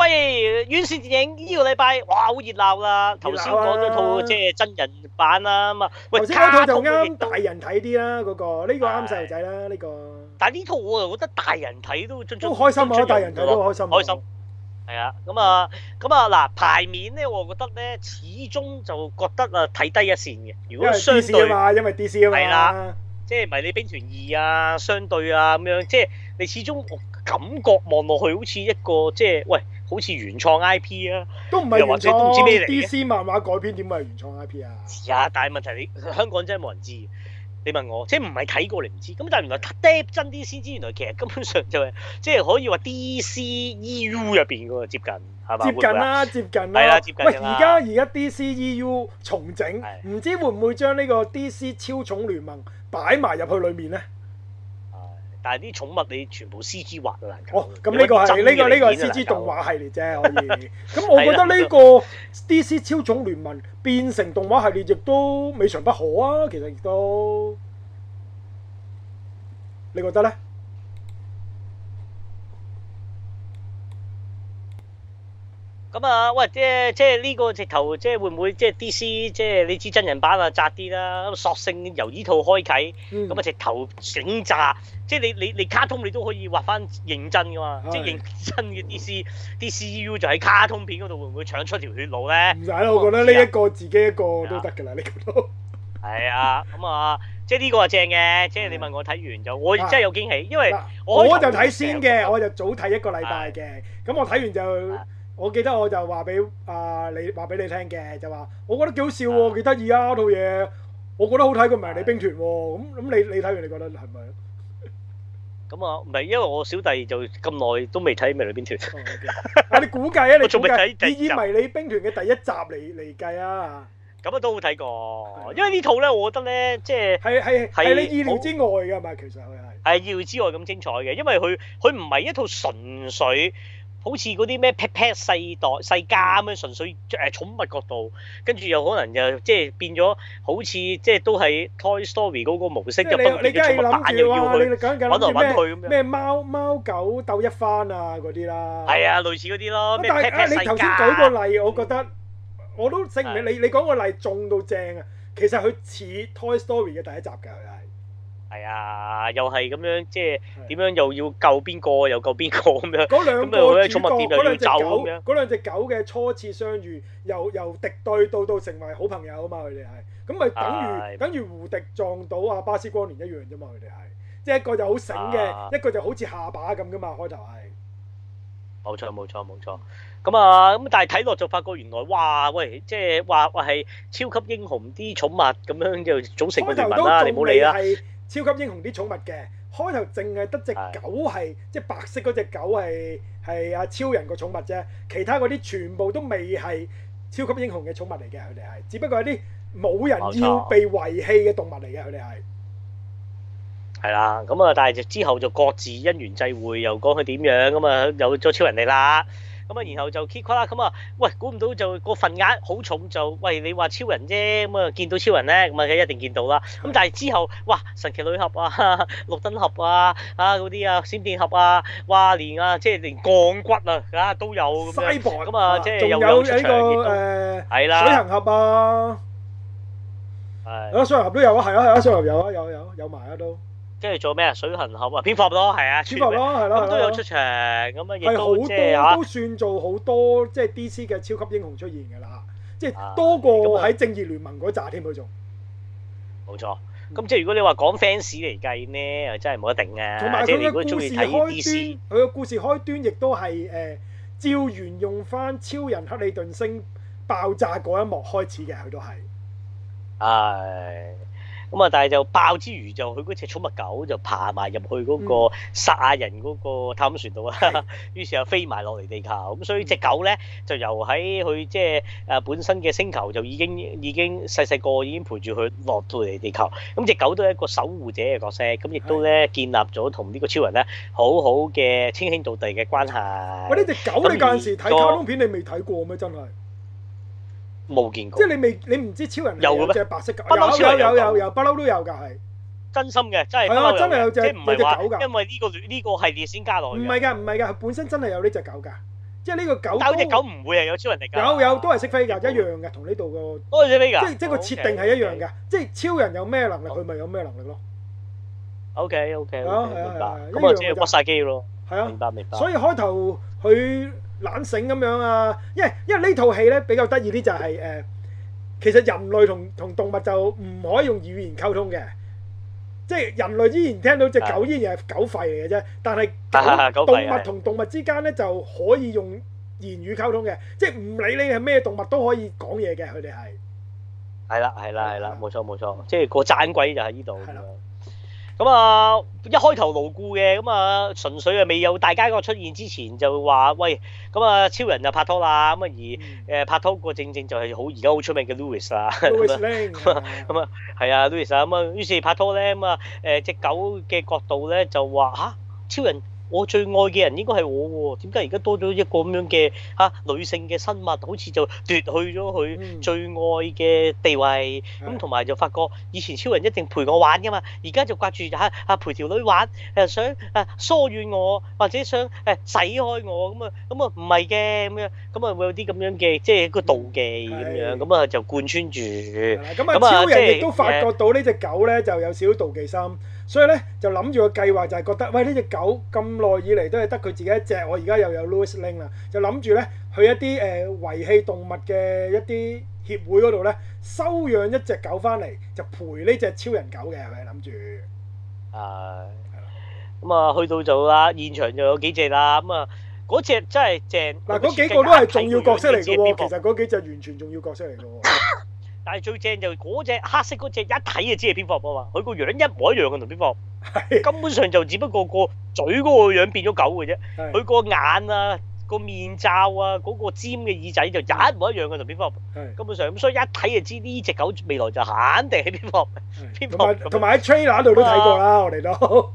喂，院線電影呢個禮拜，哇，好熱鬧啦！頭先講咗套即係真人版啦，咁啊的，喂，卡通嘅大人睇啲啦，嗰個呢個啱細路仔啦，呢個。但呢套我又覺得大人睇都，都開心啊！大人睇都開心、啊、開心，係啊，咁啊，咁啊嗱，排面咧，我覺得咧，始終就覺得啊，睇低一線嘅。如果相對，因為 D C 啊嘛，因為 D C 啊嘛。係啦，即係迷你兵團二啊，相對啊咁樣，即、就、係、是、你始終感覺望落去好似一個即係、就是、喂。好似原，原，原創 IP 啊，都唔係，又或者唔知咩嚟。DC 漫畫改編點係原創 IP 啊？係啊，但係問題你香港真係冇人知。你問我，即係唔係睇過你唔知。咁但係原來深啲先知，是的 DC，原來其實根本上就係即係可以話 DCEU 入邊嗰個接近係嘛？接近啦，啊，接近啦。係啦，接近啦。喂，而家而家 DCEU 重整，唔是的 知會唔會將呢個 DC 超寵聯萌擺埋入去裡面咧？但係啲寵物你全部 C G 畫啦，哦，咁呢個係呢、哦、個呢個 C G 動畫系列啫。可以。咁我覺得呢個 D C 超寵聯萌變成動畫系列亦都未嘗不可啊。其實亦都，你覺得咧？咁啊，喂，即係即係呢個直頭，即係會唔會即係 DC，即係你知真人版啊，渣啲啦，索性由依套開啓，咁啊、嗯嗯、直頭整渣，即係你你你卡通你都可以畫翻認真噶嘛，即係、嗯、認真嘅 DC，DCU、嗯、就喺卡通片嗰度，會唔會搶出條血路咧？唔使啦，我覺得呢一個自己一個都得嘅啦，呢個都係啊，咁 啊，即係呢個係正嘅，即係你問我睇完就，我真係有驚喜，因為我我就睇先嘅，我就早睇一個禮拜嘅，咁我睇完就。我記得我就話俾啊你話俾你聽嘅就話，我覺得幾好笑喎，幾得意啊套嘢，我覺得好睇過迷你兵團喎。咁咁你你睇完你覺得係咪？咁啊，唔係因為我小弟就咁耐都未睇迷你兵團。啊，你估計啊？你估計你仲未睇，以迷你兵團嘅第一集嚟嚟計啊？咁啊都好睇過，因為呢套咧，我覺得咧，即係係係係你意料之外㗎嘛，其實係係意料之外咁精彩嘅，因為佢佢唔係一套純粹。好似嗰啲咩 pet pet 世代世家咁樣，純粹誒寵物角度，跟住又可能又即係變咗，好似即係都係 Toy Story 嗰個模式就，就不過你你嘅寵物住要要搵嚟搵去咩咩貓貓狗鬥一番啊嗰啲啦，係啊，類似嗰啲咯。但係你頭先舉個例，我覺得我都醒唔起，的你你講個例中到正啊，其實佢似 Toy Story 嘅第一集㗎。係啊，又係咁樣，即係點樣又要救邊個，又救邊個咁樣。嗰兩個寵物店又兩隻狗，嗰兩隻狗嘅初次相遇，由由敵對到到成為好朋友啊嘛！佢哋係咁咪等於等於胡迪撞到阿巴斯光年一樣啫嘛！佢哋係即係一個就好醒嘅，一個就好似下巴咁噶嘛。開頭係冇錯，冇錯，冇錯。咁啊，咁但係睇落就發覺原來哇喂，即係話話係超級英雄啲寵物咁樣就組成個聯盟啦。你唔好理啦。超級英雄啲寵物嘅，開頭淨係得隻狗係，即係白色嗰隻狗係係阿超人個寵物啫，其他嗰啲全部都未係超級英雄嘅寵物嚟嘅，佢哋係只不過係啲冇人要被遺棄嘅動物嚟嘅，佢哋係係啦，咁啊，但係就之後就各自因緣際會，又講佢點樣咁啊，有咗超人力啦。咁啊，然後就揭骨啦，咁啊，喂，估唔到就個份額好重就，喂你話超人啫，咁啊，見到超人咧，咁啊一定見到啦。咁但係之後，哇，神奇女俠啊，綠燈俠啊，啊嗰啲啊，閃電俠啊，哇連啊，即係連鋼骨啊，啊都有咁樣。西博。咁啊，即係仲有呢個誒水行俠啊。係。啊水行俠都有啊，係啊係啊水行有啊有有有埋啊都。跟住做咩啊？水行俠啊，蝙蝠俠多係啊，蝙蝠俠咯，係咯，咁都有出場，咁乜嘢都即係嚇，都算做好多即係、就是、DC 嘅超級英雄出現嘅啦嚇，啊、即係多過喺正義聯盟嗰扎添佢仲。冇錯，咁即係如果你話講 fans 嚟計咧，真係冇得頂啊！即係你如果中意睇 DC，佢嘅故事開端亦都係誒照原用翻超人克里頓星爆炸嗰一幕開始嘅，佢都係。係、啊。咁啊！但係就爆之餘，就佢嗰隻寵物狗就爬埋入去嗰個殺人嗰個探險船度啊！嗯、 於是又飛埋落嚟地球。咁、嗯、所以隻狗咧就由喺佢即係誒本身嘅星球就已經已經細細個已經陪住佢落到嚟地球。咁隻狗都係一個守護者嘅角色，咁亦都咧建立咗同呢個超人咧好好嘅稱兄道弟嘅關係。喂！呢隻狗那你間時睇卡通片那你未睇過咩？真係！冇見過，即係你未，你唔知超人有隻白色狗，不嬲有有有有，不嬲都有㗎，係真心嘅，真係。係啊，真係有隻唔係話，因為呢個呢個系列先加落去。唔係㗎，唔係㗎，本身真係有呢隻狗㗎，即係呢個狗。嗱隻狗唔會係有超人嚟㗎。有有都係識飛㗎，一樣嘅，同呢度個。都係識飛㗎。即即個設定係一樣嘅，即係超人有咩能力，佢咪有咩能力咯。O K O K，明白。咁啊，只要甩曬機咯。係啊。明白明白。所以開頭佢。懶醒咁樣啊，因為因為呢套戲咧比較得意啲就係、是、誒、呃，其實人類同同動物就唔可以用語言溝通嘅，即係人類依然聽到隻狗依然係狗吠嚟嘅啫。但係、啊、動物同動物之間咧就可以用言語溝通嘅，即係唔理你係咩動物都可以講嘢嘅。佢哋係係啦，係啦，係啦，冇錯冇錯，即係個盞鬼就喺呢度。的咁啊，一開頭牢固嘅，咁啊，純粹啊未有大家嗰個出現之前就話喂，咁啊超人就拍拖啦，咁啊而誒、嗯、拍拖個正正就係好而家好出名嘅 Lois 啦，咁啊，係啊 Lois 啊，咁啊於是拍拖咧，咁啊誒隻狗嘅角度咧就話啊，超人。我最愛嘅人應該係我喎、啊，點解而家多咗一個咁樣嘅嚇、啊、女性嘅生物，好似就奪去咗佢最愛嘅地位，咁同埋就發覺以前超人一定陪我玩噶嘛，而家就掛住嚇嚇陪條女玩，又、啊、想啊疏遠我，或者想誒使、啊、開我咁啊，咁啊唔係嘅咁樣，咁啊會有啲咁樣嘅即係一個妒忌咁樣，咁啊就貫穿住咁啊，超人亦都發覺到隻呢隻狗咧就有少少妒忌心。所以咧就諗住個計劃就係覺得，喂，呢隻狗咁耐以嚟都係得佢自己一隻，我而家又有 Louis Link 啦，就諗住咧去一啲誒、呃、遺棄動物嘅一啲協會嗰度咧收養一隻狗翻嚟，就陪呢隻超人狗嘅，係咪諗住？係、啊。咁啊吧、嗯，去到就啦，現場就有幾隻啦，咁啊嗰隻真係正。嗱，嗰幾個都係重要角色嚟喎，啊、其實嗰幾隻完全重要角色嚟嘅喎。 但係最正就嗰隻黑色嗰隻一睇就知係蝙蝠俠啊嘛，佢個樣一模一樣嘅同蝙蝠俠，根本上就只不過個嘴嗰個樣變咗狗嘅啫，佢個是的 眼啊個面罩啊嗰個尖嘅耳仔就一模一樣嘅同蝙蝠俠，根本上咁所以一睇就知呢隻狗未來就肯定係蝙蝠俠。同埋同埋喺 trailer 度都睇過啦，我哋都。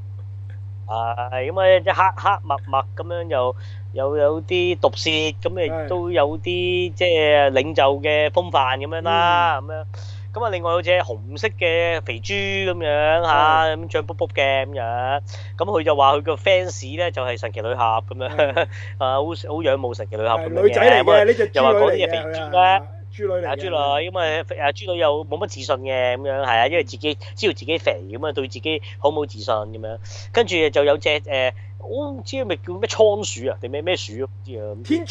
啊，咁啊，即黑黑墨墨咁樣又又有啲毒舌，咁亦都有啲即係領袖嘅風範咁樣啦，咁樣。咁啊，另外有隻紅色嘅肥豬咁樣吓，咁脹卜卜嘅咁樣。咁佢就話佢個 fans 咧就係神奇女俠咁樣，啊好好仰慕神奇女俠咁樣嘅。女仔嚟嘅呢隻豬嚟嘅。豬女啊，豬女，咁啊，肥啊，豬女又冇乜自信嘅，咁樣係啊，因為自己知道自己肥，咁啊，對自己好冇自信，咁樣跟住就有隻誒。呃我唔知係咪叫咩倉鼠啊，定咩咩鼠咯？唔知啊。天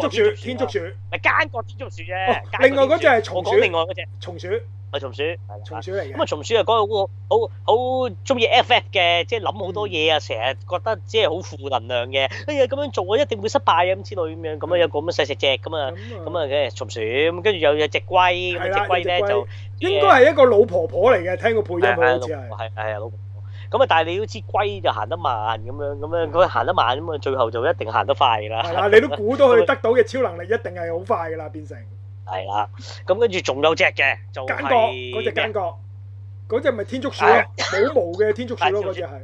竺鼠，天竺鼠，天竺鼠，咪間國天竺鼠啫。另外嗰隻係松鼠。我講另外嗰隻。松鼠。係松鼠。松鼠嚟嘅。咁啊，松鼠啊，講到好好中意 FF 嘅，即係諗好多嘢啊，成日覺得即係好負能量嘅。哎呀，咁樣做啊，一定會失敗啊，咁之類咁樣。咁啊，有咁細隻隻咁啊，咁啊嘅松鼠。跟住有有隻龜，咁隻龜咧就應該係一個老婆婆嚟嘅，聽個配音好似係。係係係啊，老婆。咁啊！但係你都知龜就行得慢咁樣，咁樣佢行得慢咁啊，最後就一定行得快噶啦。係啦的， 你都估到佢得到嘅超能力一定係好快噶啦，變成。係啦，咁跟住仲有隻嘅，奸角嗰隻奸角，嗰隻咪天竺鼠冇麼毛嘅天竺鼠咯，嗰隻係。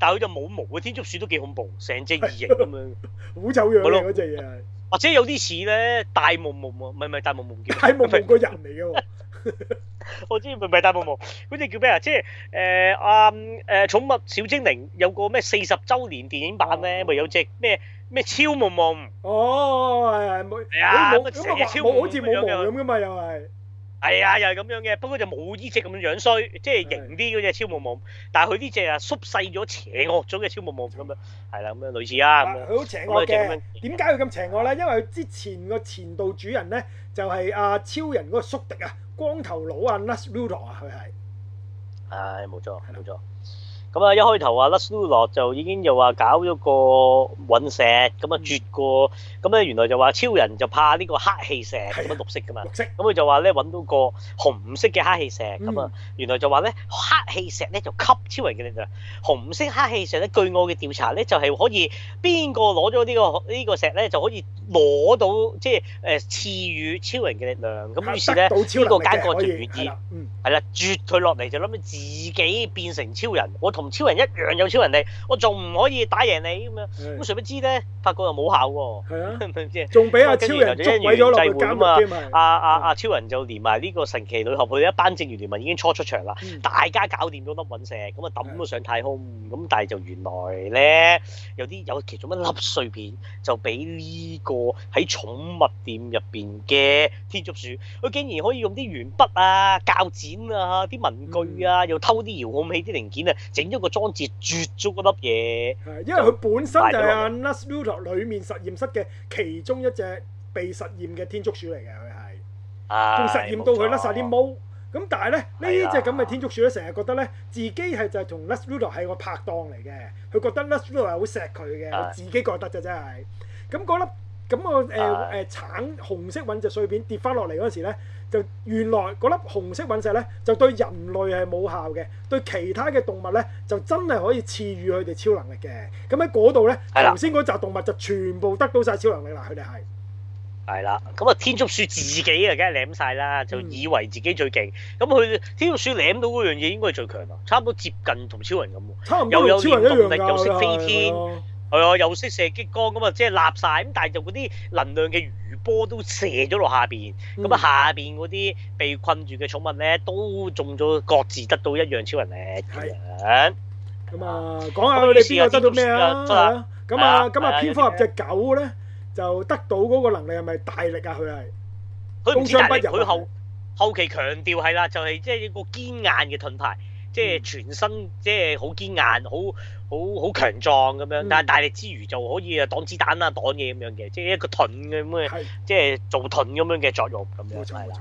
但係佢就冇毛嘅天竺鼠都幾恐怖，成隻異形咁樣，好 醜樣嗰隻嘢或者有啲似咧大毛毛喎，唔係唔係大毛毛，大毛毛個人嚟嘅喎。 我知唔係大夢夢，嗰隻叫咩啊？即係誒啊誒，寵物小精靈有個咩四十周年電影版咧，咪有隻咩咩超夢夢？哦、 哎，係係，每係啊，嗰個超夢好似冇夢咁噶嘛，又係。係啊、哎，又係咁樣嘅，不過就冇呢隻咁樣衰，即係型啲嗰隻超夢夢。但係佢呢隻啊縮細咗、邪惡咗嘅超夢夢咁樣，係啦，咁樣類似啊。佢好邪惡嘅，點解佢咁邪惡咧？因為佢之前個前度主人咧就係、是、阿、啊、超人嗰個宿敵啊，光頭佬啊 l u d o r 啊，佢係。係、哎，冇錯，冇的錯。咁啊，嗯、一開頭啊，拉斯洛就已經又話搞咗個隕石，咁啊，絕個，咁咧、嗯、原來就話超人就怕呢個黑氣石，咁樣、嗯、綠色噶嘛，咁佢色就話咧揾到個紅色嘅黑氣石，咁啊，原來就話咧黑氣石咧就吸超人嘅力量，紅色黑氣石咧據我嘅調查咧就係、是、可以邊、邊個攞咗呢個呢個石咧就可以。摸到即係誒賜予超人嘅力量，咁於是咧呢個間國就越意，係啦，絕佢落嚟就諗住自己變成超人。我同超人一樣有超人力，我仲唔可以打贏你咁的樣？咁誰不知咧，發覺又冇效喎的、啊。啊，係仲俾阿超人捉住嚟祭會啊，阿阿阿超人就連埋呢個神奇女俠，佢一班正義聯盟已經初出場啦。的大家搞掂咗粒隕石咁啊，抌咗上太空咁，的但係就原來咧有啲有其中一粒碎片就俾呢、這個。喺寵物店入邊嘅天竺鼠，佢竟然可以用啲鉛筆啊、鉸剪啊、啲文具啊，又偷啲遙控器啲零件啊，整咗個裝置絕咗嗰粒嘢。係，因為佢本身就係 Nasrulah 裏面實驗室嘅其中一隻被實驗嘅天竺鼠嚟嘅，佢係仲實驗到佢甩曬啲毛。咁但係咧，呢隻咁嘅天竺鼠咧，成日覺得咧自己係就係同 Nasrulah 係個拍檔嚟嘅，佢覺得 Nasrulah 好錫佢嘅，的對我自己覺得就真係。咁嗰粒。咁我誒誒、呃呃、橙紅色隕石碎片跌翻落嚟嗰時咧，就原來嗰粒紅色隕石咧，就對人類係冇效嘅，對其他嘅動物咧，就真係可以賜予佢哋超能力嘅。咁喺嗰度咧，頭先嗰集動物就全部得到晒超能力啦，佢哋係。係啦，咁啊天竺鼠自己啊，梗係舐晒啦，就以為自己最勁。咁佢、嗯、天竺鼠舐到嗰樣嘢應該係最強啊，差唔多接近同超人咁喎，又有超人一樣,人一樣有有力，又識飛天。係啊，又識射激光咁啊，即係攔晒咁，但係就嗰啲能量嘅餘波都射咗落下邊，咁啊下邊嗰啲被困住嘅寵物咧，都中咗，各自得到一樣超人力量。咁啊，講下佢哋邊個得到咩啊？咁啊，咁啊蝙蝠俠隻狗咧，就得到嗰個能力係咪大力啊？佢係，佢唔知大力，佢後後期強調係啦，就係即係一個堅硬嘅盾牌。即係全身，即係好堅硬，好好好強壯咁樣。但係大力之餘就可以啊擋子彈啦，擋嘢咁樣嘅，即係一個盾咁嘅，即係做盾咁樣嘅作用咁樣係啦。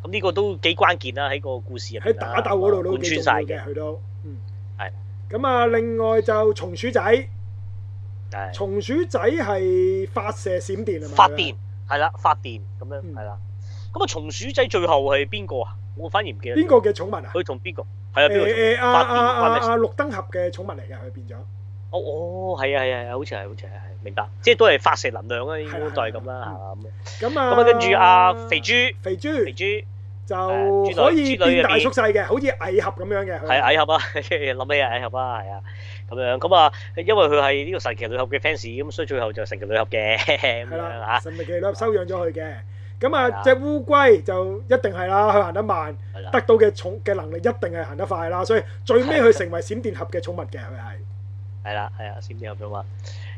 咁呢的個都幾關鍵啦，喺個故事入邊喺打鬥嗰度都貫穿晒嘅，佢都嗯係咁啊。的另外就松鼠仔，的松鼠仔係發射閃電啊嘛電的，發電係啦，發電咁樣係啦。咁啊、嗯，松鼠仔最後係邊個啊？我反而唔記得邊個嘅寵物啊？佢同邊個？係啊，變咗發電，關咩？綠燈俠嘅寵物嚟噶，佢變咗。哦，哦，係啊，係啊，係，好似係，好似係，明白。即係都係發射能量啊，應該都係咁啦嚇。咁啊，咁啊，跟住阿肥豬，肥豬，肥豬就可以變大縮細嘅，好似蟻俠咁樣嘅。係蟻俠啊，諗起啊，蟻俠啊，係啊，咁樣咁啊，因為佢係呢個神奇女俠嘅 fans，咁所以最後就神奇女俠嘅咁樣嚇。神奇女俠收養咗佢嘅。咁啊，隻烏龜就一定係啦，佢行得慢，得到嘅重嘅能力一定係行得快啦，所以最尾佢成為閃電俠嘅寵物嘅佢係，係啦，係啊，閃電俠寵物，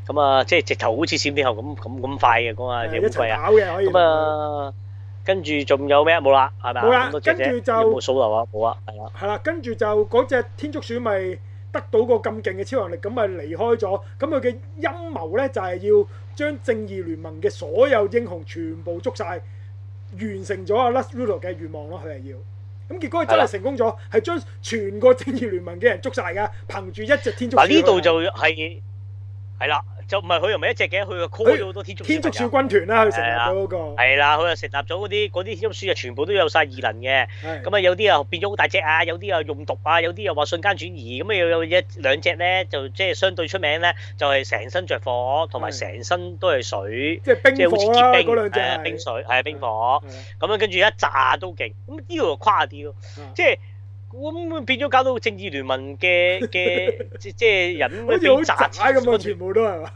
咁啊即係直頭好似閃電俠咁咁咁快嘅講啊，隻烏龜啊，咁啊跟住仲有咩？冇啦係咪？冇啦，跟住就冇數流啊，冇啊，係啊，係啦，跟住就嗰隻天竺鼠咪。得到個咁勁嘅超能力，咁咪離開咗。咁佢嘅陰謀呢，就係、是、要將正義聯盟嘅所有英雄全部捉晒，完成咗阿 l u t h r 嘅願望咯。佢係要，咁結果佢真係成功咗，係是的 將全個正義聯盟嘅人捉晒㗎。憑住一隻天捉，呢度就係係啦。就唔係佢又唔係一隻嘅，佢個 call 咗好多天竺鼠軍團啦。佢成立咗嗰個係啦，佢又成立咗嗰啲嗰啲天竺鼠啊，全部都有晒異能嘅。咁啊，有啲又變咗好大隻啊，有啲又用毒啊，有啲又話瞬間轉移。咁啊，又有一兩隻咧，就即係相對出名咧，就係成身着火，同埋成身都係水，即係好似結冰嗰兩隻，冰水係冰火。咁啊，跟住一炸都勁。咁呢度誇啲咯，即係。咁變咗搞到政治聯盟嘅嘅即即係人咁樣俾炸死咁啊！全部都係嘛？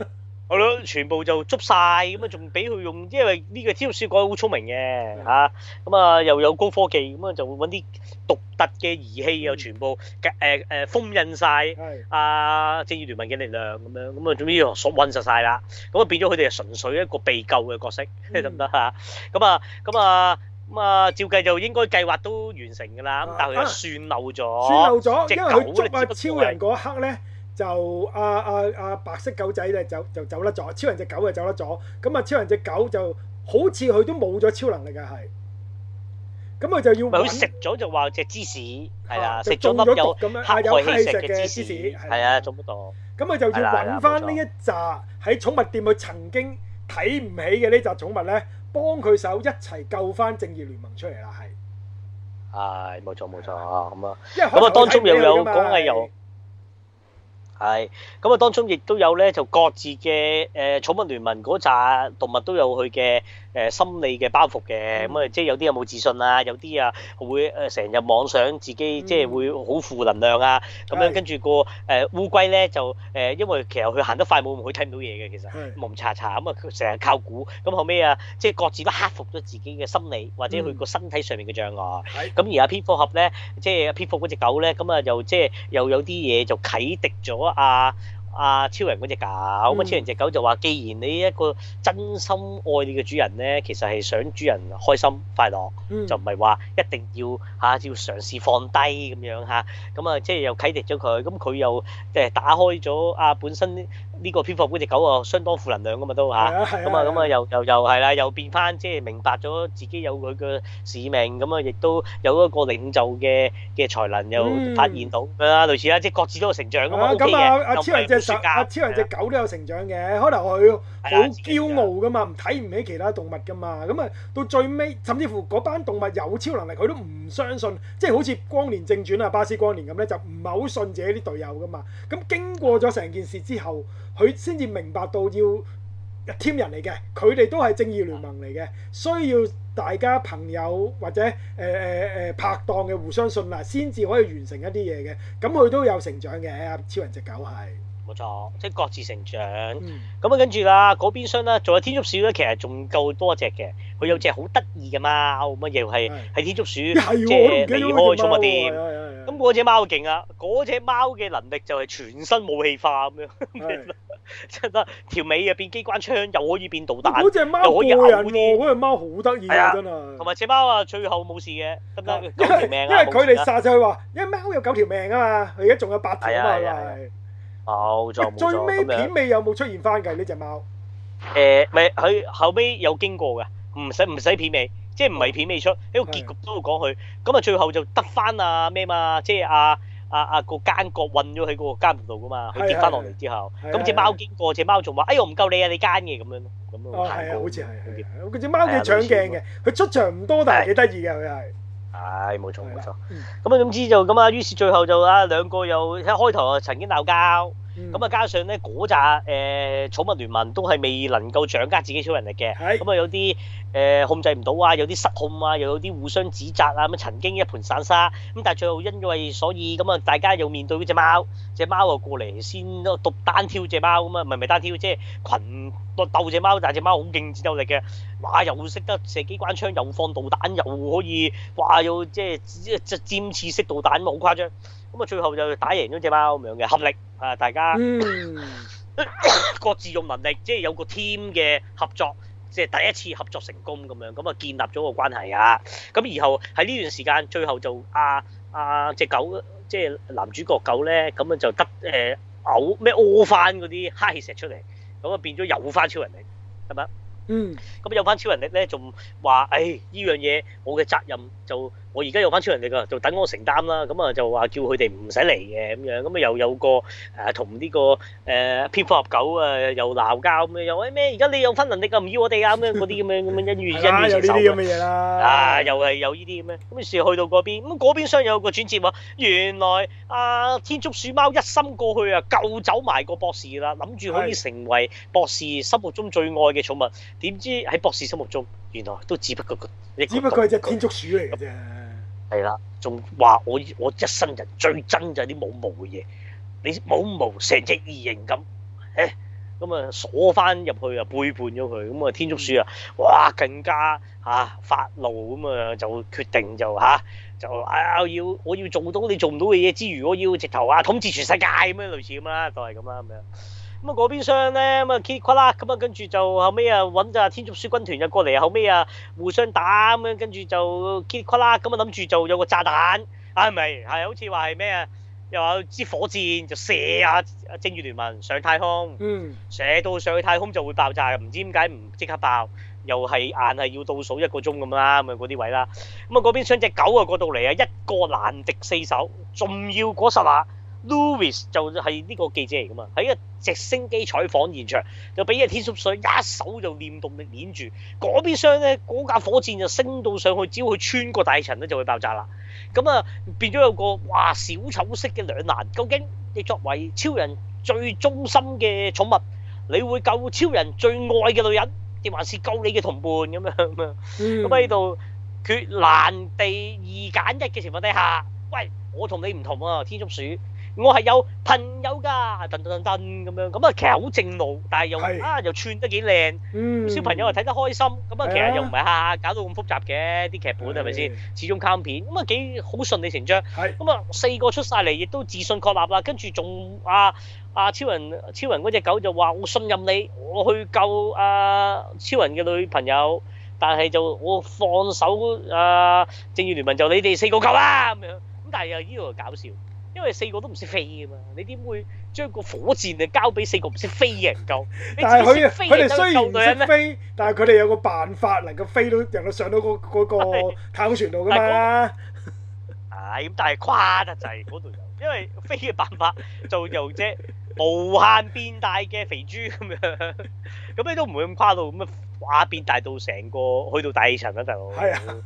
係咯，全部就捉曬咁啊！仲俾佢用，因為呢個超書講得好聰明嘅嚇，咁啊又有高科技咁啊，就會揾啲獨特嘅儀器又全部誒誒封印曬。係。阿政治聯盟嘅力量咁樣，咁啊總之就索運實曬啦。咁啊變咗佢哋係純粹一個被救嘅角色，得唔得啊？咁啊咁啊。咁啊，照計就應該計劃都完成㗎啦。咁但係算漏咗，算漏咗，因為佢捉阿超人嗰刻咧，就阿阿阿白色狗仔咧走就走甩咗，超人隻狗就走甩咗。咁啊，超人隻狗就好似佢都冇咗超能力嘅係。咁佢就要，咪佢食咗就話隻芝士係啊，食咗咁又黑有氣食嘅芝士係啊，做乜噃？咁佢就要揾翻呢一隻喺寵物店佢曾經睇唔起嘅呢隻寵物咧。幫佢手一齊救翻正義聯盟出嚟啦，係。係冇、哎、錯冇錯的啊，咁啊，咁啊當中又有講嘅又係，咁啊當中亦都有咧，就各自嘅誒、呃、草木聯盟嗰紮動物都有佢嘅。誒心理嘅包袱嘅，咁、嗯、啊，嗯、即係有啲有冇自信啊，有啲啊會誒成日妄想自己，即係會好負能量啊，咁、嗯、樣跟住、那個誒、呃、烏龜咧就誒、呃，因為其實佢行得快冇，佢睇唔到嘢嘅，其實矇是查查咁啊，佢成日靠估，咁後尾啊，即係各自都克服咗自己嘅心理，或者佢個身體上面嘅障礙，咁、嗯嗯、而阿蝙蝠俠咧，即係蝙蝠嗰隻狗咧，咁啊又即係又有啲嘢就啟迪咗啊！啊阿超人嗰隻狗咁啊，超人隻狗就話：既然你一個真心愛你嘅主人咧，其實係想主人開心快樂，嗯、就唔係話一定要吓、啊、要嘗試放低咁樣吓咁啊，即係又啟迪咗佢，咁佢又即係打開咗阿本身。呢個蝙蝠，嗰隻狗啊，相當負能量噶嘛都嚇，咁啊咁啊又又又係啦，又變翻即係明白咗自己有佢嘅使命，咁啊亦都有一個領袖嘅嘅才能又發現到啊，類似啦，即係各自都有成長噶嘛。咁啊，阿超人隻阿超人隻狗都有，有成長嘅，可能佢好驕傲噶嘛，唔睇唔起其他動物噶嘛，咁啊到最尾甚至乎嗰班動物有超能力，佢都唔相信，即係好似光年正傳啊巴斯光年咁咧，就唔係好信自己啲隊友噶嘛。咁經過咗成件事之後。佢先至明白到要 team 人嚟嘅，佢哋都係正義聯盟嚟嘅，需要大家朋友或者誒誒誒拍檔嘅互相信賴先至可以完成一啲嘢嘅，咁佢都有成長嘅，超人隻狗係。冇錯，即係各自成長。咁啊，跟住啦，嗰邊箱啦，仲有天竺鼠咧，其實仲夠多隻嘅。佢有隻好得意嘅貓，乜嘢係係天竺鼠，即係離開寵物店。咁嗰隻貓勁啊！嗰隻貓嘅能力就係全身武器化咁樣，即得條尾啊變機關槍，又可以變導彈，又可以咬啲。嗰隻貓好得意啊！真啊，同埋隻貓啊，最後冇事嘅，得九條命。因為佢哋殺曬佢話，因為貓有九條命啊嘛，佢而家仲有八條啊。冇錯，最尾片尾有冇出現翻嘅呢隻貓？誒、呃，咪佢後尾有經過嘅，唔使唔使片尾，即係唔係片尾出，喺個結局都會講佢。咁啊，最後就得翻啊咩嘛，即係阿阿阿個奸角困咗喺嗰個監度噶嘛，佢跌翻落嚟之後，咁隻貓經過，隻貓仲話：哎喲，唔夠你啊，你奸嘅咁樣咯，咁樣睇過。好似係，好似係的。嗰隻貓叫搶鏡嘅，佢出場唔多，但係幾得意嘅佢係。的係冇錯冇錯，咁啊點知就咁啊，於是最後就啊兩個又一開頭啊曾經鬧交，咁啊、嗯、加上咧嗰扎誒寵物聯盟都係未能夠掌握自己超能力嘅，咁啊是有啲誒、呃、控制唔到啊，有啲失控啊，又有啲互相指責啊，咁、呃、曾經一盤散沙，咁但係最後因為所以咁啊大家又面對嗰隻貓。隻貓又過嚟先都獨單挑隻貓咁啊，唔係唔係單挑，即係群個鬥隻貓，但係隻貓好勁，戰鬥力嘅，哇！又識得射機關槍，又放導彈，又可以，哇！又即係即係尖刺式導彈，好誇張。咁啊，最後就打贏咗隻貓咁樣嘅合力啊！大家、嗯、 各自用能力，即係有個 team 嘅合作，即係第一次合作成功咁樣，咁啊建立咗個關係啊！咁然後喺呢段時間，最後就阿阿隻狗。即係男主角狗咧，咁啊就得誒、呃、嘔咩屙翻嗰啲哈氣石出嚟，咁啊變咗有翻超人力，係咪？嗯，咁有翻超人力咧，仲話誒呢樣嘢，我嘅責任就。我而家有翻超能力噶，就等我承擔啦。咁、嗯、啊就話叫佢哋唔使嚟嘅咁樣，咁啊又有個誒同呢個誒蝙蝠俠狗啊又鬧交咁樣，又咩？而、呃、家、這個呃呃、你有翻能力噶，唔要我哋 啊咁樣嗰啲咁樣咁樣一於一於情仇。啊，有呢啲咁嘅嘢啦。啊，又係有呢啲咁嘅。咁於是去到嗰邊，咁嗰邊廂有個轉折話，原來啊天竺鼠貓一心過去啊救走埋個博士啦，諗住可以成為博士心目中最愛嘅寵物。點 知喺博士心目中，原來都只不過個。只不過係隻天竺鼠嚟嘅啫。係啦，仲話我我一生人最憎就係啲冇毛嘅嘢，你冇毛成隻異形咁，誒咁啊鎖翻入去啊背叛咗佢，咁啊天竺鼠啊，哇更加嚇發怒咁啊就決定、啊、就嚇就啊我要我要做到你做唔到嘅嘢之餘，我要直頭啊統治全世界咁樣類似咁啦，就係咁啦咁樣。咁、嗯、啊嗰邊廂咧，咁啊 k e 垮啦，咁啊跟住就後尾啊揾就天竺鼠軍團就過嚟，後尾啊互相打咁樣，跟、嗯、住就 k e 垮啦，咁啊諗住就有個炸彈，啊唔係係好似話係咩啊？又有支火箭就射啊啊！正義聯盟上太空，射到上去太空就會爆炸，唔知點解唔即刻爆，又係硬係要倒數一個鐘咁啦，咁啊嗰啲位啦。咁啊嗰邊廂隻狗啊過到嚟啊，一個難敵四手，仲要嗰十下。Louis 就係呢個記者嚟噶嘛，喺個直升機採訪現場就俾阿天竺鼠一手就念動力捻住嗰邊箱咧，嗰架火箭就升到上去，只要佢穿過大氣層咧就會爆炸啦。咁啊變咗有個哇小丑式嘅兩難，究竟你作為超人最忠心嘅寵物，你會救超人最愛嘅女人，定還是救你嘅同伴咁樣咁啊？喺度、嗯、決難地二揀一嘅情況底下，喂我同你唔同啊！天竺鼠。我係有朋友㗎，噔噔噔噔咁樣，咁啊其實好正路，但係又是啊又串得幾靚，小、嗯、朋友又睇得開心，咁啊其實又唔係下下搞到咁複雜嘅啲劇本係咪先？始終卡片，咁啊幾好順理成章，咁啊是四個出晒嚟，亦都自信確立啦，跟住仲啊啊超人超人嗰隻狗就話：我信任你，我去救阿、啊、超人嘅女朋友，但係就我放手啊正義聯盟就你哋四個救啦、啊、咁樣，咁但係又呢度搞笑。因為四個都唔識飛啊嘛，你點會將個火箭啊交俾四個唔識飛嘅人救？但係佢哋雖然唔識飛，但係佢哋有個辦法 能夠飛到，能夠上到嗰、嗰個太空船度㗎嘛？係咁 但係誇得滯嗰度。因為飛嘅辦法就由隻無限變大嘅肥豬咁樣，咁你都唔會咁誇到，咁啊，變大到成個去到第二層啦，大佬。係啊，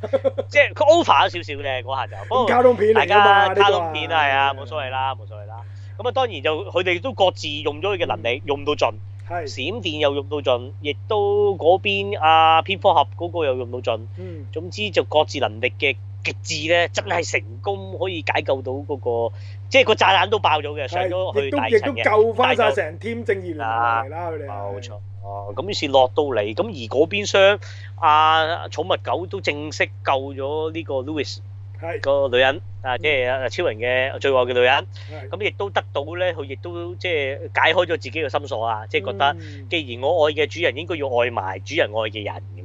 即係是、啊、over 咗少少咧嗰下就。不過卡通片嚟㗎。大家卡通片係你說 啊，冇所謂啦，冇所謂啦。咁啊，嗯、當然就佢哋都各自用咗佢嘅能力，用到盡。係。是啊、閃電又用到盡，亦都嗰邊啊蝙蝠俠嗰個又用到盡。嗯。總之就各自能力嘅。極致咧，真係成功可以解救到嗰、那個，即係個炸彈都爆咗嘅，是上咗去大層嘅，救翻曬成 team 正義聯盟啦！冇錯，哦、啊，咁於是落到嚟，咁而嗰邊廂阿寵物狗都正式救咗呢個 Lois 個是女人，啊、嗯，即係超人嘅最愛嘅女人，咁亦都得到咧，佢亦都即係解開咗自己嘅心鎖啊！即係覺得，既然我愛嘅主人應該要愛埋主人愛嘅人。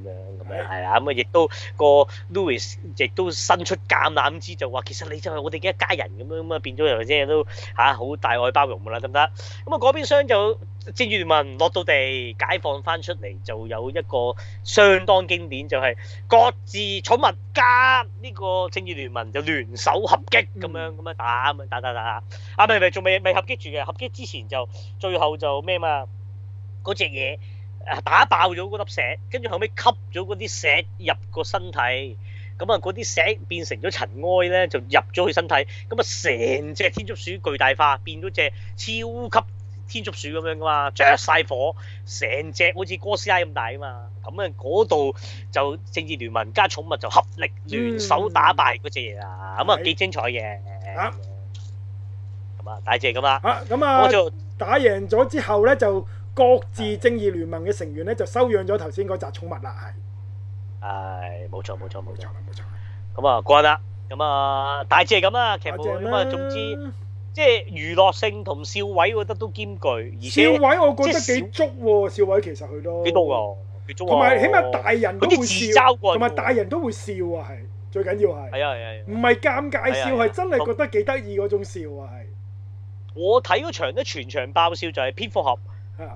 係啊，咁啊亦都個 Louis 亦都伸出橄欖枝啦，咁之就話其實你就係我哋嘅一家人咁樣，咁啊變咗又即係都嚇好大愛包容噶啦，得唔得？咁啊嗰邊廂就《正義聯盟》落到地解放翻出嚟就有一個相當經典，就係各自寵物加呢個《正義聯盟》就聯手合擊咁樣，咁啊打啊打打打啊！咪咪仲未未合擊住嘅，合擊之前就最後就咩嘛？嗰隻嘢。打爆咗嗰粒石，跟住後尾吸咗嗰啲石入個身體，咁啊嗰啲石變成咗塵埃咧，就入咗佢身體，咁啊成隻天竺鼠巨大化，變咗隻超級天竺鼠咁樣噶嘛，着晒火，成隻好似哥斯拉咁大啊嘛，咁啊嗰度就政治聯盟加寵物就合力聯手打敗嗰隻嘢啦，咁啊幾精彩嘅。嚇？咁啊，大隻噶嘛？嚇！咁啊，啊我就打贏咗之後咧就。各自正義聯盟嘅成員咧就收養咗頭先嗰隻寵物啦，係。係冇錯冇錯冇錯啦冇錯。咁啊，關啦。咁啊，大致係咁啊，其實冇。咁啊，總之即係娛樂性同笑位，我覺得都兼具。而笑位我覺得幾足喎，笑位其實佢都幾多噶，幾足喎。同埋起碼大人都會笑，同埋大人都會笑啊，係最緊要係。係啊係。唔係尷尬笑，係真係覺得幾得意嗰種笑啊，係。我睇嗰場咧，全場爆笑就係蝙蝠俠。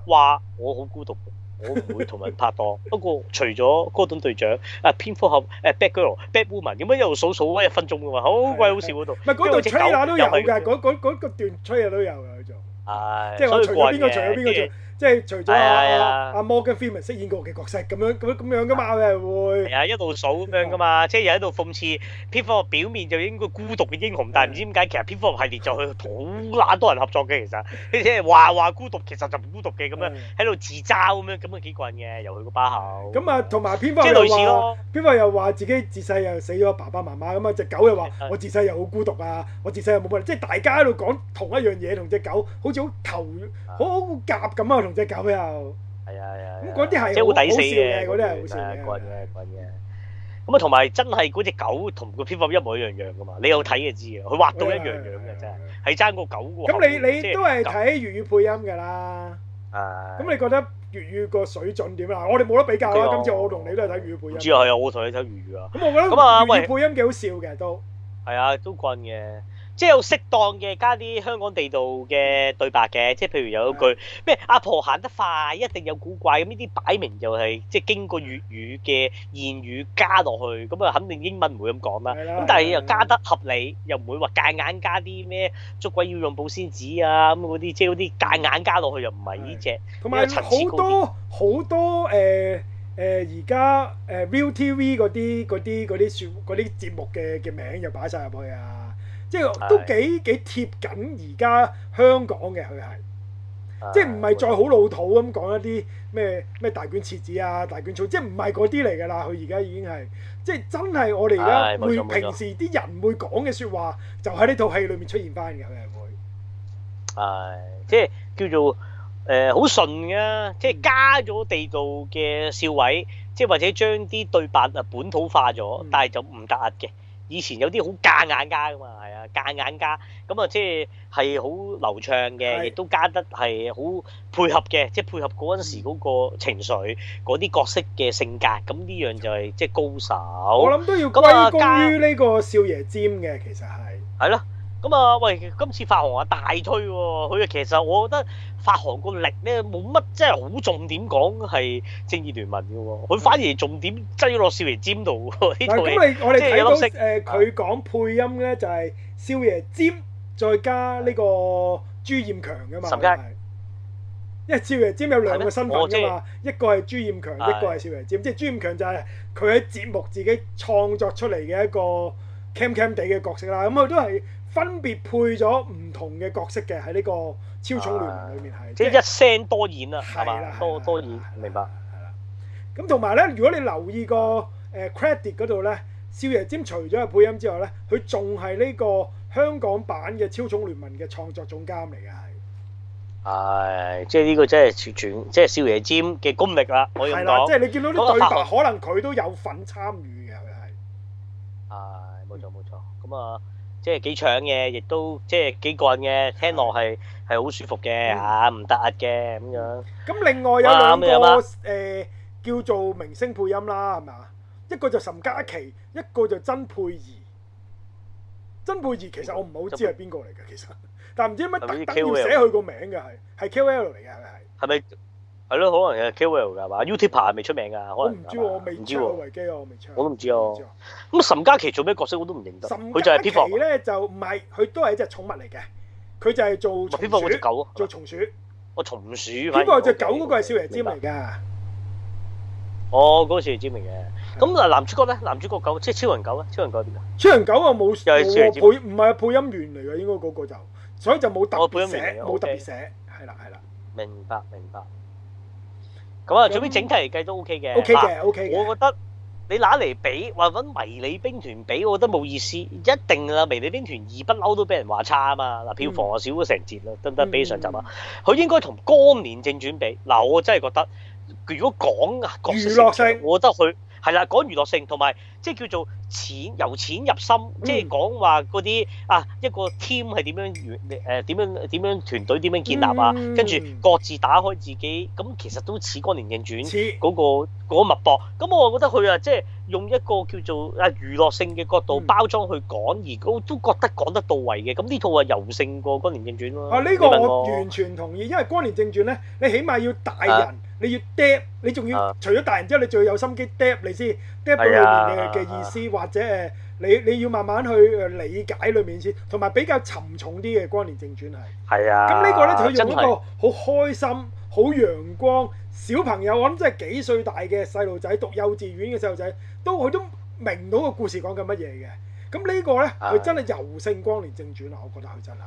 話我好孤獨，我唔會同人拍檔。不過除咗高頓隊長、誒蝙蝠俠、誒 Bat Girl、Bat Woman，咁樣一路數數，喂，一分鐘㗎嘛，好鬼好笑嗰度。唔係嗰度吹下都有㗎，嗰個段吹下都有佢就，唉，即係話除邊個除，邊個即係除咗阿阿 Morgan Freeman 飾演過嘅角色咁樣咁咁樣噶嘛，佢係會係啊，一路數咁樣噶嘛，即係又喺度諷刺蝙蝠俠表面就應該孤獨嘅英雄，但係唔知點解其實蝙蝠俠系列就係好揦多人合作嘅，其實即係話話孤獨，其實就唔孤獨嘅咁樣喺度自嘲咁樣，咁啊幾過癮嘅，由佢個把口。咁啊，同埋蝙蝠，即類似囉，蝙蝠俠又話自己自細又死咗爸爸媽媽咁啊，隻狗又話我自細又好孤獨啊，我自細又冇乜，即係大家喺度講同一樣嘢，同隻狗好似好頭好好夾咁啊！同隻狗又係啊，咁嗰啲係即係好抵死嘅，嗰啲係好笑嘅，棍嘅棍嘅。咁啊，同埋真係嗰隻狗同個蝙蝠一模一樣樣㗎嘛？你有睇就知嘅，佢畫到一樣樣嘅，真係係爭個狗喎。咁你你都係睇粵語配音㗎啦，咁你覺得粵語個水準點啊？我哋冇得比較啦。今次我同你都係睇粵語配音，係啊，我同你睇粵語啊。咁我覺得粵語配音幾好笑嘅，都係啊，都棍嘅。即係有適當嘅加啲香港地道嘅對白嘅，即係譬如有一句咩阿婆行得快一定有古怪，咁呢啲擺明就係即係經過粵語嘅言語加落去，咁啊肯定英文唔會咁講啦。咁但係又加得合理，又唔會話夾硬加啲咩捉鬼要用保鮮紙啊咁嗰啲，即係嗰啲夾硬加落去又唔係呢隻。同埋好多好多誒誒而家誒 ViuTV 嗰啲嗰啲嗰啲説嗰啲節目嘅嘅名又擺晒入去啊！即係都幾幾貼緊而家香港嘅佢係，哎、即係唔係再好老土咁講一啲咩咩大卷廁紙啊、大卷操，即係唔係嗰啲嚟㗎啦。佢而家已經係，即係真係我哋而家會、哎、平時啲人會講嘅説話，就喺呢套戲裏面出現翻㗎。佢係會係、哎、即係叫做誒好順嘅，即係加咗地道嘅笑位，即係或者將啲對白啊本土化咗，嗯、但係就唔得嘅。以前有啲好夾硬加噶嘛，係啊，夾硬加咁啊，即係係好流暢嘅，是亦都加得係好配合嘅，即係配合嗰陣時嗰個情緒，嗰啲角色嘅性格，咁呢樣就係即係高手。我諗都要歸功於呢個少爺尖嘅，其實係。係咯。咁啊！喂，今次發行啊大推喎、啊，佢啊其實我覺得發行個力咧冇乜真係好重點講係正義聯盟嘅喎，佢反而重點擠落少爺尖度，咁你我哋睇到誒，佢、嗯呃、講配音咧就係、是、少爺尖再加呢個朱艷強嘅嘛，嗯、因為少爺尖有兩個身份嘅嘛，就是、一個係朱艷強，嗯、一個係少爺尖，嗯、即係朱艷強就係佢喺節目自己創作出嚟嘅一個 cam cam 地嘅角色啦。咁佢都係。分別配咗唔同嘅角色嘅喺呢個超寵聯萌裏面係，即係一聲多演啦，係咪？多多演，明白。係啦。咁同埋咧，如果你留意個誒 credit 嗰度咧，少爺尖除咗係配音之外咧，佢仲係呢個香港版嘅超寵聯萌嘅創作總監嚟嘅係。係，即係呢個真係全即係少爺尖嘅功力啦。可以咁講。即係你見到啲對白，可能佢都有份參與嘅，佢係。係，冇錯冇錯，咁啊。即係幾搶嘅，亦都即係幾幹嘅，聽落係係好舒服嘅嚇，唔突兀嘅咁樣。咁另外有兩個誒叫做明星配音啦，係咪啊？一個就岑嘉琪，一個就曾佩儀。曾佩儀其實我唔係好知係邊個嚟嘅，其實，但係唔知點解特登要寫佢個名㗎，係係 K L 嚟嘅，係咪？係咪？係咯，可能係 KOL 噶係嘛 YouTuber 係未出名噶可能唔知喎，我未。唔知喎，我都唔知哦。咁岑嘉琪做咩角色我都唔認得。佢就係 Pipper 咧，就唔係，佢都係一隻寵物嚟嘅。佢就係做 Pipper，做松鼠。哦，松鼠。Pipper 隻狗嗰個係少爺占嚟噶哦，嗰個少爺占嘅。咁嗱，男主角咧，男主角狗即係超人狗咧，超人狗點啊？超人狗啊，冇。又係少爺占。配唔係配音員嚟噶應該嗰個就所以就冇特別寫，冇特別寫，係啦，係啦。明白，明白。咁啊，最屘整體嚟計都 O K 嘅。O K 嘅，O K。啦 OK、的我覺得你攞嚟比，話揾迷你兵團比，我覺得冇意思。一定啊，迷你兵團二不嬲都俾人話差啊嘛。嗱，票房啊，少咗成截啦，得唔得？比上集啊，佢、嗯、應該同光年正傳比。嗱，我真係覺得，如果講啊，娛樂性，我覺得佢。係啦，講娛樂性同埋，即係叫做錢由淺入深，嗯、即係講話嗰啲啊一個 team 係點樣娛誒點樣點樣團隊點樣建立啊，跟住、嗯、各自打開自己，咁其實都似《光年正傳、嗰個》嗰像、嗰個嗰、嗰個脈搏。咁我覺得佢啊，即係用一個叫做啊娛樂性嘅角度包裝去講，嗯、而我都覺得講得到位嘅。咁呢套啊，優勝過《光年正傳》咯。啊，呢、啊呢個我完全同意，因為《光年正傳》咧，你起碼要大人、啊。啊你要 dap，你仲要、uh，除咗大人之後，你仲要有心機 dap 你先 dap 到裡面嘅意思，uh，或者誒，你你要慢慢去理解裡面先，同埋比較沉重啲嘅光年正傳係。係啊、uh。咁呢個咧就用一個好開心、好陽光小朋友，我諗即係幾歲大嘅細路仔，讀幼稚園嘅細路仔，都佢都明到個故事講緊乜嘢嘅。咁呢個咧，佢、uh，真係柔性光年正傳啊！我覺得佢真係。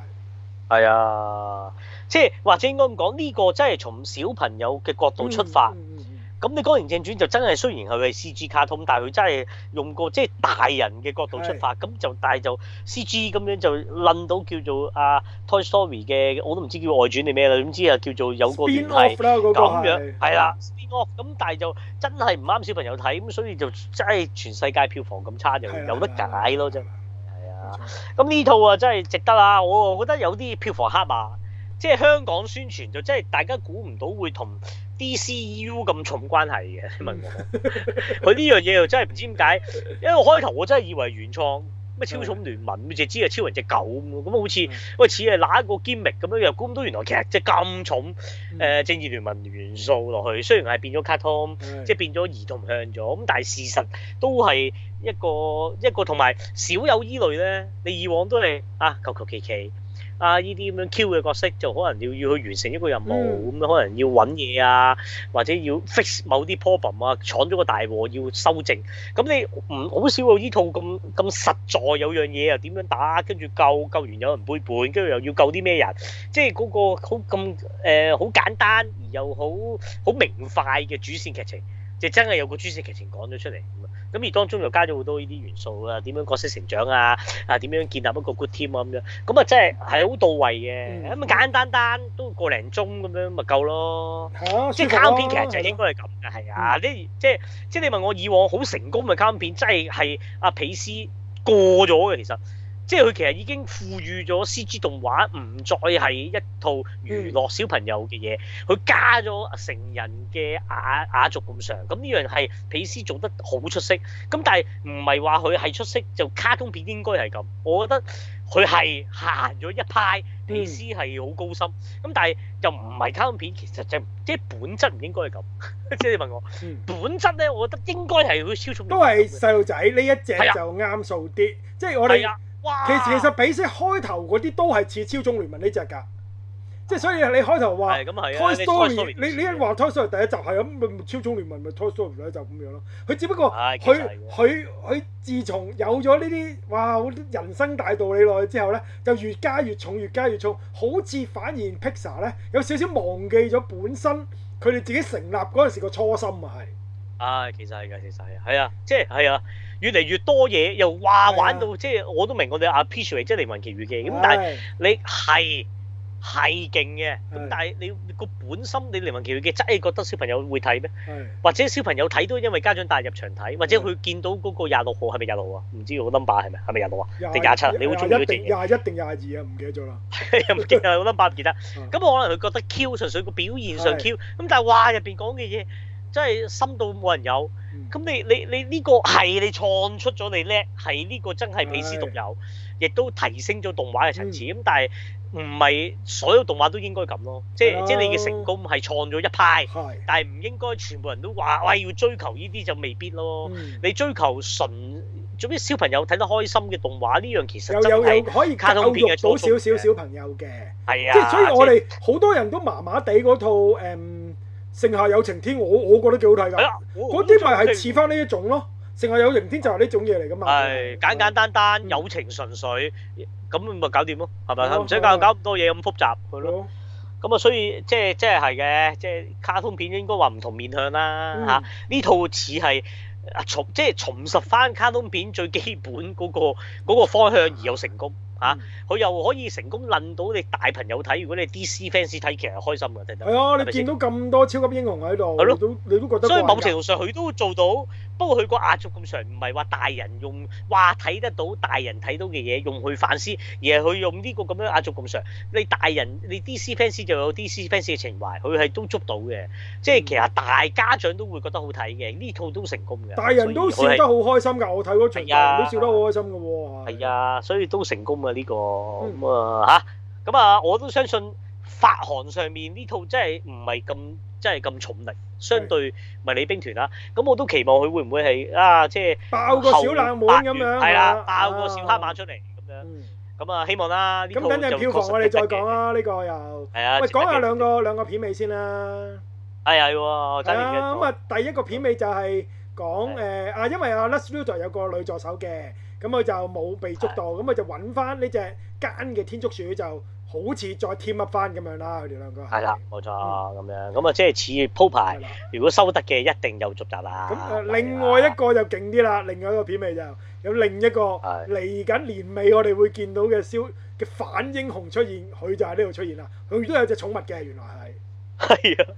係啊，即係、哎、或者應該咁講，呢、這個真係從小朋友嘅角度出發。咁、嗯嗯、你《光年正傳》就真係雖然佢係 CG 卡通，但係佢真係用個即係大人嘅角度出發。咁是就但係就 CG 咁樣就撚到叫做啊 Toy Story 嘅，我都唔知叫外傳定咩啦。點知啊叫做有個聯繫咁樣。係啦是，咁了但係就真係唔啱小朋友睇，咁所以就真係全世界票房咁差，有有得解咯啫。的的咁呢套啊真係值得啦，我覺得有啲票房黑馬，即係香港宣傳就真係大家估唔到會同 DCU 咁重關係嘅，你問我，佢呢樣嘢又真係唔知點解，因為我開頭我真係以為原創。乜超寵聯萌，你就知係超人隻狗咁，嗯、好似喂似係嗱一個堅力咁樣又咁多，原來其實即係咁重誒、呃、政治聯盟元素落去，雖然係變咗卡通，home，嗯、即係變咗兒童向咗，咁但係事實都係一個一個同埋少有依類咧，你以往都係啊，求求其其，啊！呢啲咁樣 Q 嘅角色，就可能要要去完成一個任務，咁、嗯、可能要揾嘢啊，或者要 fix 某啲 problem 啊，闖咗個大禍要修正。咁你唔好少喎，呢套咁咁實在，有樣嘢又點樣打，跟住救救完有人背叛，跟住又要救啲咩人？即係嗰個好咁誒，好、呃、簡單而又好好明快嘅主線劇情。即係真係有個主線劇情講咗出嚟咁啊，咁而當中又加咗好多呢啲元素啊，點樣角色成長啊，啊點樣建立一個 good team 啊咁樣，咁啊真係係好到位嘅，咁啊、嗯、簡單單,單都個零鐘咁樣咪夠咯，啊、即係是、啊、卡通片其實就應該係咁嘅，係、嗯、啊，啲即係即係你問我以往好成功嘅卡通片，真係係阿皮斯過咗嘅其實。即係佢其實已經賦予咗 CG 動畫唔再係一套娛樂小朋友嘅嘢，佢加咗成人嘅雅雅俗咁上，咁呢樣係皮斯做得好出色。咁但係唔係話佢係出色就卡通片應該係咁？我覺得佢係行咗一派，皮斯係好高深。咁但係又唔係卡通片，其實就即係本質唔應該係咁。即係你問我本質咧，我覺得應該係會超重都係細路仔呢一隻就啱數啲。即係、啊、我哋。其哇 其實比起開頭嗰啲都係似超寵聯萌呢隻噶，即係所以你開頭話，咁係啊，你開頭你你一話 Toy Story 第一集係咁，超寵聯萌咪 Toy Story 咧就咁樣咯。佢只不過佢佢佢自從有咗呢啲哇人生大道理落去之後咧，就越加越重越加越重，好似反而 Pixar 咧有少少忘記咗本身佢哋自己成立嗰陣時個初心啊，係。啊，其實係㗎，其實係，係啊，即係係啊，越嚟越多嘢又話玩到，即係我都明我哋 appreciate，即係靈魂奇遇記咁，但係你係係勁嘅，咁但係你個本身，你靈魂奇遇記真係覺得小朋友會睇咩？或者小朋友睇都因為家長帶入場睇，或者佢見到嗰個廿六號係咪廿六啊？唔知個 number 係咪係咪廿六啊？定廿七？你好中意嗰啲嘢？廿一定廿二啊，唔記得咗啦，唔記得個 number 唔記得。咁可能佢覺得 Q 純粹個表現上 Q，咁但係話入邊講嘅嘢。真係深到冇人有，咁你你你呢個係你創出咗，你叻係呢個真係彼思獨有，亦都提升咗動畫嘅層次。咁但係唔係所有動畫都應該咁咯？即係即係你嘅成功係創咗一派，但係唔應該全部人都話：我要追求呢啲就未必咯。你追求純，做咩小朋友睇得開心嘅動畫呢樣其實就係可以卡通片嘅，教育到少少小朋友嘅，啊，即係所以我哋好多人都麻麻地嗰套誒。盛夏有晴天我，我我覺得幾好睇㗎。嗰啲咪係似翻呢一種咯。盛夏有晴天就係呢種嘢嚟㗎嘛。係、哎、簡簡單單，單，友、嗯、情純粹，咁咪搞掂咯，係咪？唔使、哦、搞搞咁多嘢咁複雜佢咯。咁啊，嗯、所以即係即係係嘅，即係卡通片應該話唔同面向啦嚇。呢、嗯啊、套似係啊重即係重拾翻卡通片最基本嗰、那個嗰、那個方向而有成功。嚇！佢、啊、又可以成功諗到你大朋友睇，如果你 DC fans 睇其實開心嘅，係唔係？啊！係啊你見到咁多超級英雄喺度，係咯你，都你都覺得。所以某程度上佢都做到，不過佢個壓軸咁長，唔係話大人用話睇得到，大人睇到嘅嘢用去反思，而係佢用呢個咁樣壓軸咁長，你大人你 DC fans 就有 DC fans 嘅情懷，佢係都捉到嘅，嗯、即係其實大家長都會覺得好睇嘅，呢套都成功嘅。大人都笑得好開心㗎，啊、我睇嗰場人都笑得好開心㗎喎。係啊，啊，啊，所以都成功啊！呢個咁啊嚇，咁啊我都相信發行上面呢套真係唔係咁，真係咁重力，相對迷你兵團啦。咁我都期望佢會唔會係啊，即係爆個小冷門咁樣，係啦，爆個小黑馬出嚟咁樣。咁啊，希望啊呢套咁等陣票房我哋再講啊，呢個又係啊，喂，講下兩個兩個片尾先啦。係係喎。係啊，咁啊，第一個片尾就係講誒啊，因為啊，Lex Luthor 有個女助手嘅。咁佢就冇被捉到，咁佢的就揾翻呢隻奸嘅天竺鼠，就好似再添一翻咁樣啦。佢哋兩個係啦，冇錯咁、嗯、樣。咁啊，即係似鋪排。的如果收得嘅一定有續集啦。咁那的另外一個就勁啲啦，另外一個片尾就有另一個嚟緊的年尾我哋會見到嘅消嘅反英雄出現，佢就喺呢度出現啦。佢都有隻寵物嘅，原來係。係啊，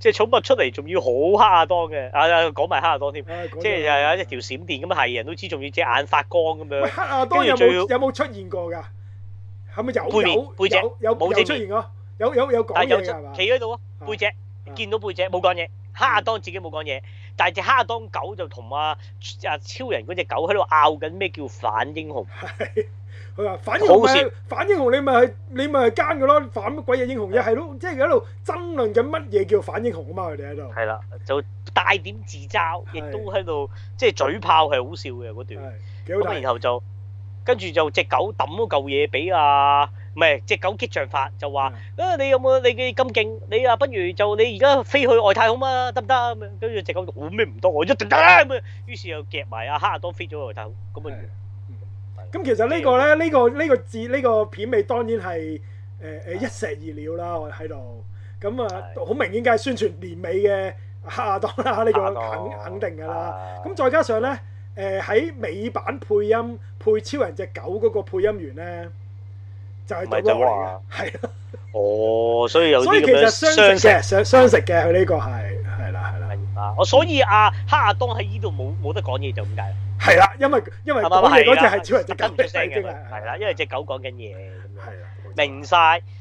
即係寵物出嚟仲要好哈亞當嘅，啊講埋哈亞當添，即係又係一條閃電咁啊，係人都知仲要隻眼發光咁樣。哈亞當有冇有冇出現過㗎？係咪有有有背面背脊有冇出現過？有有有講嘢企喺度啊，背脊見到背脊冇講嘢，哈亞當自己冇講嘢，但係隻哈亞當狗就同啊啊超人嗰隻狗喺度拗緊咩叫反英雄。佢話反英雄，好 反英雄你咪係你咪係奸嘅咯？反乜鬼嘢英雄一係都即係喺度爭論緊乜嘢叫反英雄啊嘛！佢哋喺度，係啦，就帶點自嘲，亦都喺度即係嘴炮係好笑嘅嗰段。咁然後就跟住就隻狗抌嗰嚿嘢俾啊，唔係隻狗激將法就話，誒的你有冇你嘅咁勁？你啊不如就你而家飛去外太空啊，得唔得？跟住隻狗，我咩唔得，我一定得啊！咁啊，於是又夾埋、啊、阿黑亞當飛咗去外太空咁啊樣。的咁其實呢個咧，呢個呢個字，呢個片尾當然係誒誒一石二鳥啦，我喺度。咁啊，好明顯梗係宣傳年尾嘅黑亞當啦，呢個肯肯定噶啦。咁再加上咧，誒喺美版配音配超人隻狗嗰個配音員咧，就係杜德華，係咯。哦，所以有。所以其實雙食嘅，雙雙食嘅，佢呢個係係啦係啦。啊，所以阿黑亞當喺依度冇冇得講嘢就咁解啦。係啦，因為因為你嗰隻係超人，跟唔出聲嘅，係啦的，的因為隻狗講緊嘢咁樣，的明晒，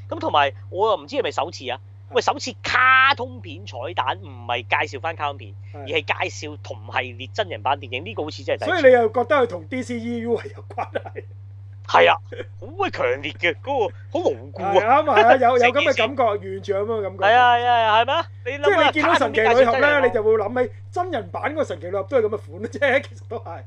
咁同埋我又唔知係咪首次啊？喂的，因為首次卡通片彩蛋唔係介紹翻卡通片，的而係介紹同系列真人版電影。呢個好似真係第一次。所以你又覺得佢同 DCEU 係有關係？係啊，好鬼強烈嘅嗰、那個，好無辜。啊，啱啊，有有咁嘅感覺，完全有咁嘅感覺，係啊係啊係咩？你即係你見到神奇女俠咧，麼你就會諗起真人版嗰個神奇女俠都係咁嘅款啫，其實都係。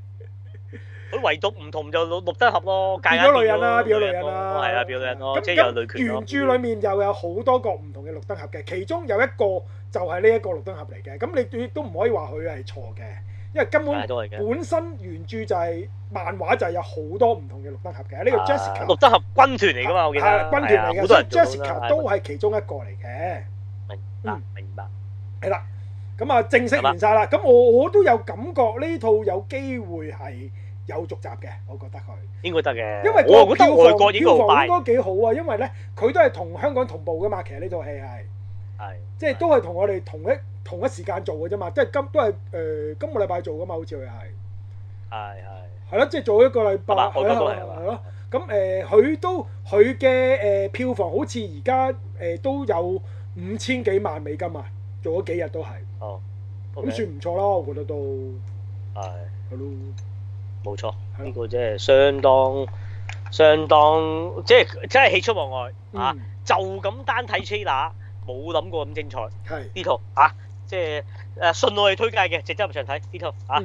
咁唯獨唔同就綠綠燈俠咯，界界咯變咗女人啦，變咗女人啦，係啊，變咗女人咯，啊。咁原著裏面又有好多個唔同嘅綠燈俠嘅，其中有一個就係呢一個綠燈俠嚟嘅，咁你亦都唔可以話佢係錯嘅。因為根本本身原著就係漫畫，就係有好多唔同嘅綠燈俠嘅。呢個 Jessica 綠燈俠軍團嚟噶嘛？我記得係軍團嚟嘅，所以 Jessica 都係其中一個嚟嘅。明白，明白。係啦，咁啊，正式完曬啦。咁我我都有感覺呢套有機會係有續集嘅，我覺得佢應該得嘅。因為我覺得外國票房應該幾好啊，因為咧佢都係同香港同步噶嘛。其實呢套戲係係即係都係同我哋同一。同一時間做嘅啫嘛，即係今都係誒今個禮拜做嘅嘛，好似佢係，係係係咯，即係做一個禮拜，好多係係咯。咁誒，佢都佢嘅誒票房好似而家誒都有五千幾萬美金啊，做咗幾日都係，哦，咁算唔錯啦，我覺得都係係咯，冇錯，香個真係相當相當，即係真係喜出望外嚇，就咁單睇車拿，冇諗過咁精彩，係呢套嚇。即係誒順路推介嘅，直接入場睇呢套嚇。